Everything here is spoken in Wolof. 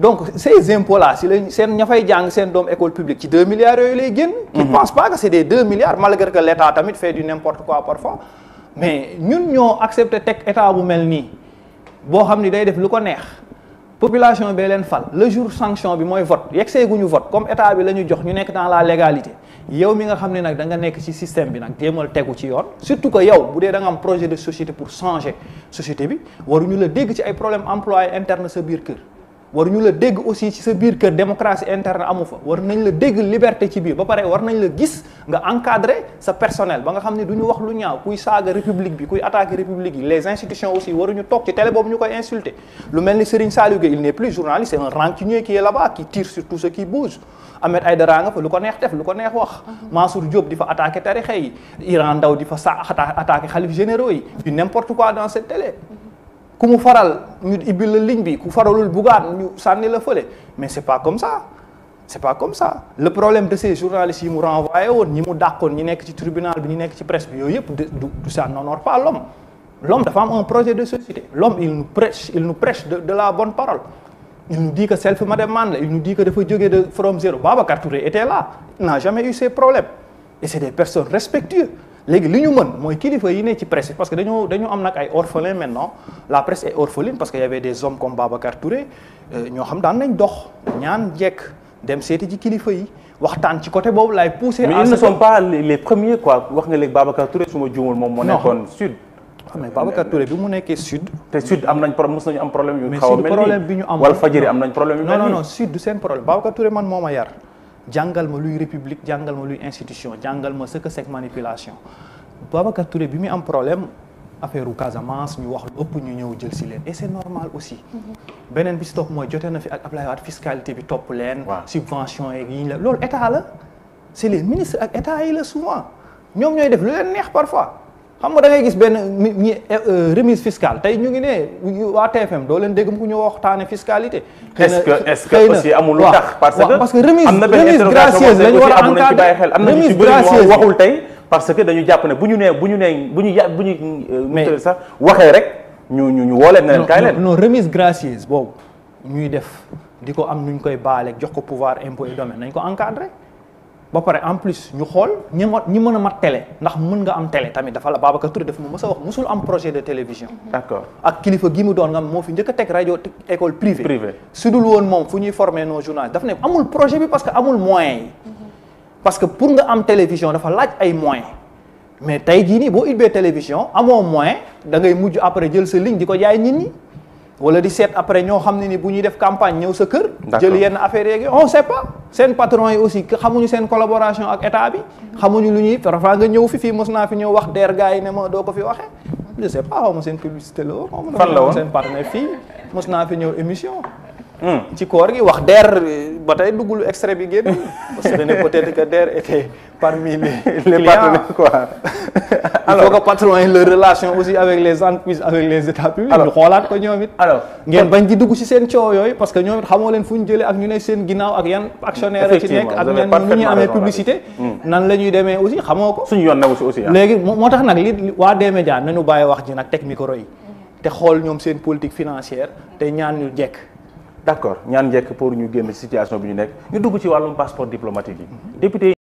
donc ces impôts là si la seen ña fay jàng seen doom école publique ci 2 milliards yooyu lay génn. qui mhm. pense pas que c' est des 2 milliards malgré que l' état tamit fait du n' importe quoi parfois. mais ñun ñoo accepté teg état bu mel nii boo xam ni day def lu ko neex population bee leen fal le jour sanction bi mooy vote yegsee gu ñu vote comme état bi la ñu jox ñu nekk dans la légalité yow mi nga xam ne nag da nekk ci système bi nag jéemal tegu ci yoon surtout que yow bu dee da nga projet de société pour changer société bi waruñu la dégg ci ay problème emploi interne sa biir kër. war ñu la dégg aussi ci sa biir kër démocratie interne amu fa war nañ la dégg liberté ci biir ba pare war nañ la gis nga encadrer sa personnel ba nga xam ne du ñu wax lu ñaaw kuy saaga république bi kuy attaquer république yi les institutions aussi waruñu toog ci télé boobu ñu koy insulter lu mel ni Serigne Saliou Gueye il n'est plus journaliste c'est un rancunier qui est là-bas qui tire sur tout ce qui bouge Ahmed fa lu ko neex def lu ko neex wax mhm. Mansour Diop di fa attaquer tarixa yi Iran di fa sa attaquer xalif généraux yi du n'importe ku mu faral ñu ibbi la ligne bi ku faralul Bougane ñu sànni la fële mais c'est pas comme ça c'est pas comme ça le problème de ces journalistes yi mu renvoyé woon ñi mu dàqoon ñi nekk ci tribunal bi ñi nekk ci presse bi yooyu yëpp du ça n'honore pas l'homme l'homme dafa am un projet de société l'homme il nous prêche de, la bonne parole il nous dit que self made man la il nous dit que dafa jógee de from zéro Babacar Touré était là il n'a jamais eu ces problèmes léegi li ñu mën mooy kilifa yi ne ci presse parce que dañoo dañoo am nag ay orphelins maintenant la presse est orpheline parce que y avait des hommes comme euh, nañ dox ñaan jekk dem ci kilifa yi waxtaan ci côté boobu laay poussé. mais ils ne sont pas les premiers quoi wax nga léegi su ma juumul moom moo nekkoon sud. Ah, mais Babacar bi mu nekkee sud. te sud am nañ problème a mel ni mais sud problème bi ñu du seen problème Babacar Touré man moo ma yar. jàngal ma luy république jàngal ma luy institution jàngal ma ce que c'est manipulation Babacar ture bi muy am problème affaire Casamance ñu wax lu ëpp ñu ñëw jël si leen et c'est normal aussi mm-hmm. beneen bi si mooy jotee na fi ak Ablaye Wade fiscalité bi topp leen subvention yeeg yi la loolu état la c'est les ministres ak état yi la souvent ñoom ñooy def lu leen neex parfois xam nga da gis benn ñi eh, eh, remise fiscale tey ñu ngi ne waa TFM doo leen dégg mu ko ñu waxtaane fiscalité. xëy na est-ce que est-ce que amul lu tax. parce que parce que remise remise gracieuse la ñu war a encadrer remise gracieuse que dañu jàpp ne bu ñu nee bu ñu nee bu ñu bu ñu. Euh, mais sax waxee rek ñu ñu ñu woo leen ne leen kaay leen. non boobu ñuy def di ko am nu ñu koy baale jox ko pouvoir impôt et domaine nañ ko encadrer. ba pare en plus ñu xool ñi ma ñi mën a mat télé ndax mun nga am télé tamit dafa la Babacar Touré dafa mu mës a wax musul am projet de télévision. d'accord ak kilifa gi mu doon nga moo fi njëkk teg rajo école privée. privée su dul woon moom fu ñuy former noo journalistes dafa ne amul projet bi parce que amul moyen yi. Mhm. parce que pour nga am télévision dafa laaj ay moyens mais tey jii nii boo ubbee télévision amoo moyen da ngay mujj après jël sa ligne di ko jaay nit ñi. wala di seet après ñoo xam ne ni bu ñuy def campagne ñëw sa kër. jël yenn affaire yeeg on sait seen patron yi aussi xamuñu seen collaboration ak état bi. xamuñu lu ñuy parfois nga ñëw fi fii mos naa fi ñëw wax der gars yi ne ma doo ko fi waxee. mos naa fi ñëw émission. Hmm. ci koor gi wax der. ba tey duggul extrait bi génn parce que ne peut-être que DER était parmi les, les quoi. alors il faut que patron yi leur relation aussi avec les entreprises avec les états publics. alors ñu xoolaat ko ñoom it. alors ngeen bañ di dugg ci seen coow parce que ñoom xamoo leen fu ñu jëlee ak ñu ne seen ginnaaw ak yan. actionnaire ci nekk ak ñan ñu ñu amee publicité. Hmm. nan la demee aussi xamoo ko. suñu yoon na ah. léegi moo tax nag li waa D-Média nañu bàyyi wax ji nag teg micro hmm. te xool ñoom seen politique d' accord ñaan njekk pour ñu génn situation bi ñu nekk ñu dugg ci wàllum passeport diplomatique yi mhm. député